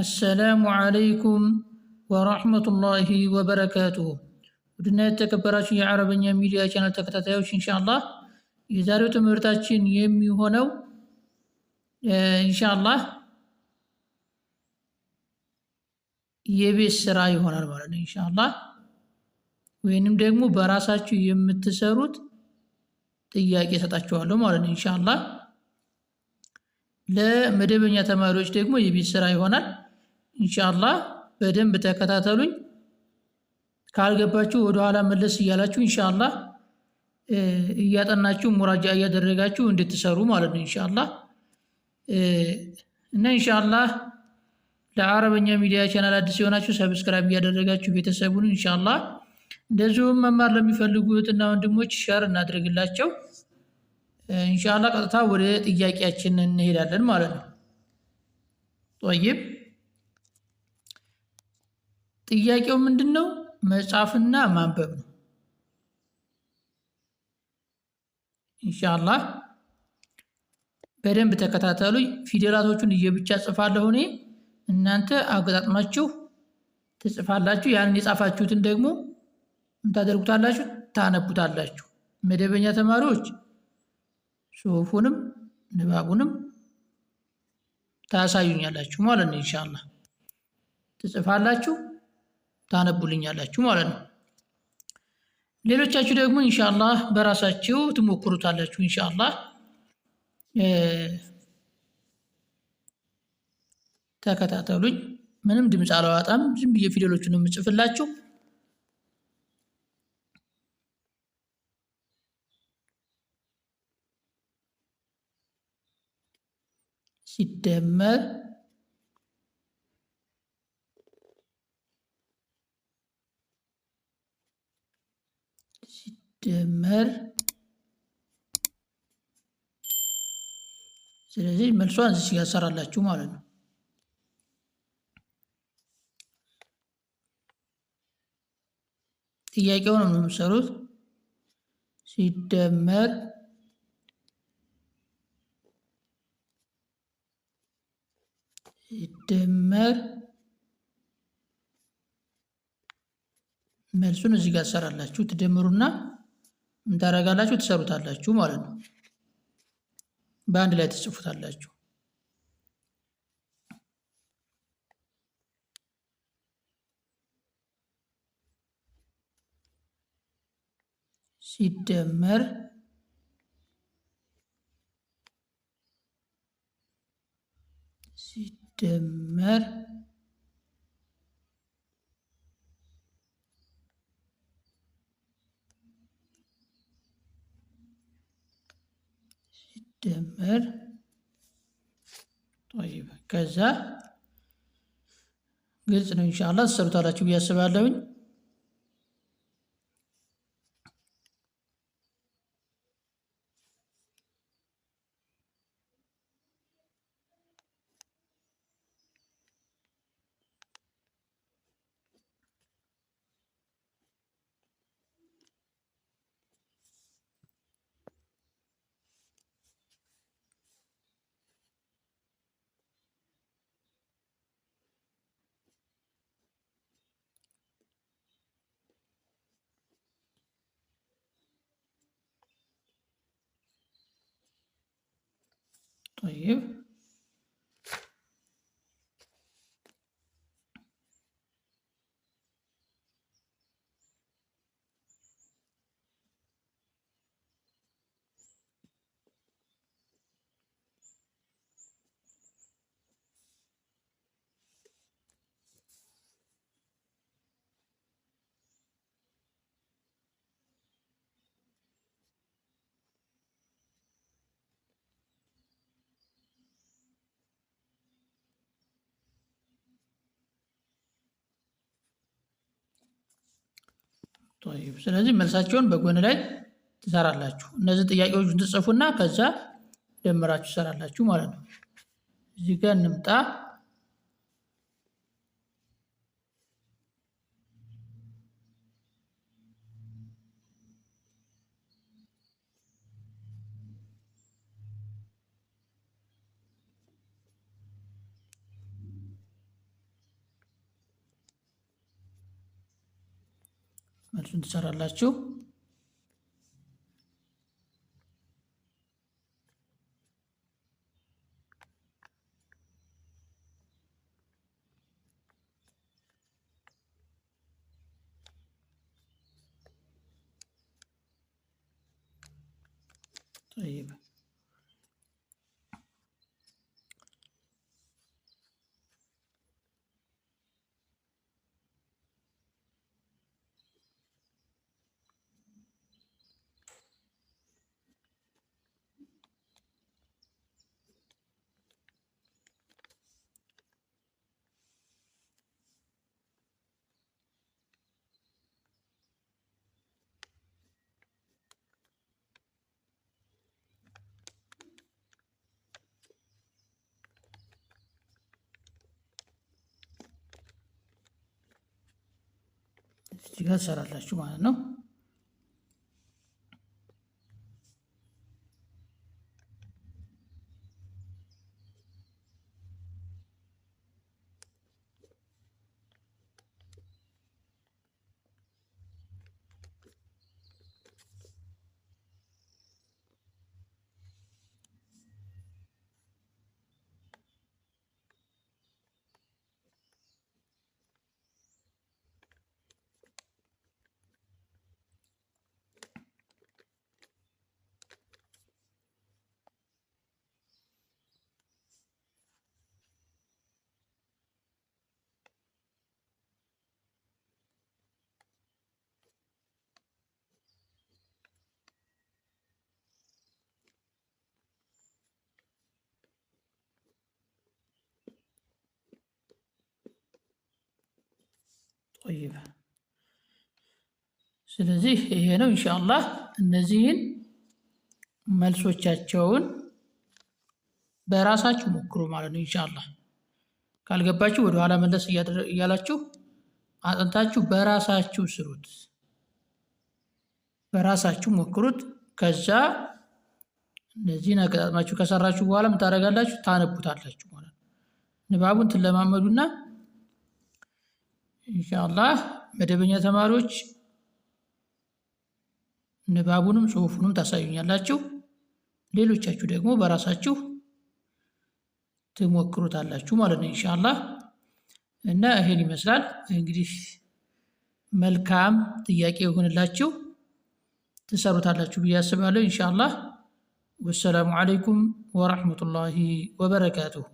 አሰላሙ አለይኩም ወራህመቱላሂ ወበረካቱሁ። ውድና የተከበራችሁ የአረበኛ ሚዲያ ቻናል ተከታታዮች ኢንሻአላህ የዛሬው ትምህርታችን የሚሆነው ኢንሻአላህ የቤት ስራ ይሆናል ማለት ነው ኢንሻአላህ ወይንም ደግሞ በራሳችሁ የምትሰሩት ጥያቄ ሰጣችኋለሁ ማለት ነው ኢንሻአላህ ለመደበኛ ተማሪዎች ደግሞ የቤት ስራ ይሆናል። ኢንሻአላህ በደንብ ተከታተሉኝ። ካልገባችሁ ወደኋላ መለስ እያላችሁ ኢንሻአላህ እያጠናችሁ ሙራጃ እያደረጋችሁ እንድትሰሩ ማለት ነው ኢንሻአላህ እና ኢንሻአላህ ለአረበኛ ሚዲያ ቻናል አዲስ የሆናችሁ ሰብስክራይብ እያደረጋችሁ ቤተሰቡን ኢንሻአላህ እንደዚሁም መማር ለሚፈልጉ እህትና ወንድሞች ሸር እናድርግላቸው። እንሻላ ቀጥታ ወደ ጥያቄያችን እንሄዳለን ማለት ነው። ጦይብ ጥያቄው ምንድን ነው? መጻፍና ማንበብ ነው። እንሻላ በደንብ ተከታተሉ ፊደላቶቹን እየብቻ ጽፋለሁ እኔ፣ እናንተ አገጣጥማችሁ ትጽፋላችሁ። ያንን የጻፋችሁትን ደግሞ ምታደርጉታላችሁ፣ ታነቡታላችሁ። መደበኛ ተማሪዎች ጽሁፉንም ንባቡንም ታሳዩኛላችሁ ማለት ነው። ኢንሻአላ ትጽፋላችሁ፣ ታነቡልኛላችሁ ማለት ነው። ሌሎቻችሁ ደግሞ ኢንሻአላ በራሳችሁ ትሞክሩታላችሁ ኢንሻአላ ተከታተሉኝ። ምንም ድምፅ አላወጣም፣ ዝም ብዬ ፊደሎቹን የምጽፍላችሁ ሲደመር ሲደመር ስለዚህ መልሷን እዚህ ጋር ሰራላችሁ ማለት ነው። ጥያቄው ነው የምሰሩት ሲደመር ይደመር መልሱን እዚህ ጋር ትሰራላችሁ። ትደምሩና ምታረጋላችሁ ትሰሩታላችሁ ማለት ነው። በአንድ ላይ ትጽፉታላችሁ። ሲደመር ድምር ድምር ከዛ ግልጽ ነው። ኢንሻአላህ ትሰሩታላችሁ ብዬ አስባለሁኝ። طيب ስለዚህ መልሳቸውን በጎን ላይ ትሰራላችሁ። እነዚህ ጥያቄዎች ትጽፉና ከዛ ደምራችሁ ትሰራላችሁ ማለት ነው። እዚህ ጋር እንምጣ። መልሱን ትሰራላችሁ። طيب እዚህ ጋር ትሰራላችሁ ማለት ነው። ጠይበ ስለዚህ ይሄ ነው ኢንሻአላህ እነዚህን መልሶቻቸውን በራሳችሁ ሞክሩ ማለት ነው ኢንሻአላህ ካልገባችሁ ወደኋላ መለስ እያላችሁ አጥንታችሁ በራሳችሁ ስሩት በራሳችሁ ሞክሩት ከዛ እነዚህን አገጣጥማችሁ ከሰራችሁ በኋላ ምን ታደርጋላችሁ ታነቡታላችሁ ማለት ነው ንባቡን ትለማመዱና ኢንሻአላህ መደበኛ ተማሪዎች ንባቡንም ጽሁፉንም ታሳዩኛላችሁ። ሌሎቻችሁ ደግሞ በራሳችሁ ትሞክሩታላችሁ ማለት ነው ኢንሻአላህ። እና ይሄን ይመስላል እንግዲህ መልካም ጥያቄ ይሁንላችሁ። ትሰሩታላችሁ ብዬ አስባለሁ ኢንሻአላህ። ወሰላሙ አለይኩም ወረሕመቱላሂ ወበረካቱሁ።